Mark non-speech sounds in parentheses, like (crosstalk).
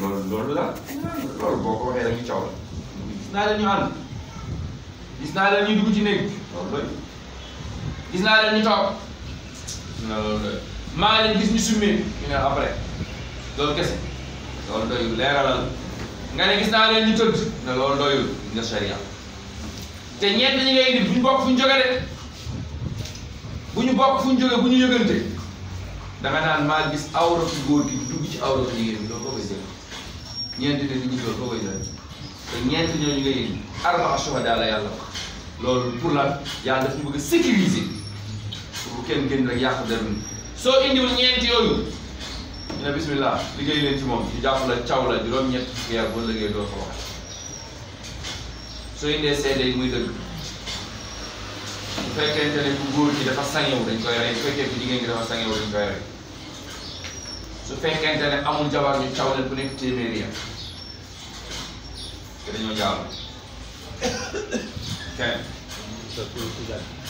loolu la loolu boo ko waxee rek caaw gis naa leen ñu ànd gis naa leen ñu dugg ci néeg loolu gis naa leen ñu toog na loolu doy maa leen gis ñu summee ñu ne après loolu kese loolu doyul leeralal nga ne gis naa leen ñu tëdd ne loolu doyul nga sharia te ñeent ñi ngay indi bu ñu bokk fu ñu jóge de bu ñu bokk fu ñu jóge bu ñu yëgante danga naan maa gis awratu góor gi dugg ci awratu jigéen bi loolu foo koy jël ñeenti nit ñi loolu foo koy jël ñeenti ñooñu nga yëg arbaa shuhada la yàlla wax loolu pour lan yàlla daf ñu bëgg a sécuriser pour kenn génn rek yàq dara soo indiwul ñeenti yooyu ñu ne bismillah liggéey leen ci moom ñu jàpp la caw la juróom-ñett weer boo liggéey doo ko wax soo indee seede yi muy dëgg. bu fekkente ne bu góor gi dafa sangewu dañ koy rey bu fekkee ne amul jabar ñu caw leen ku nekk téeméeri (coughs)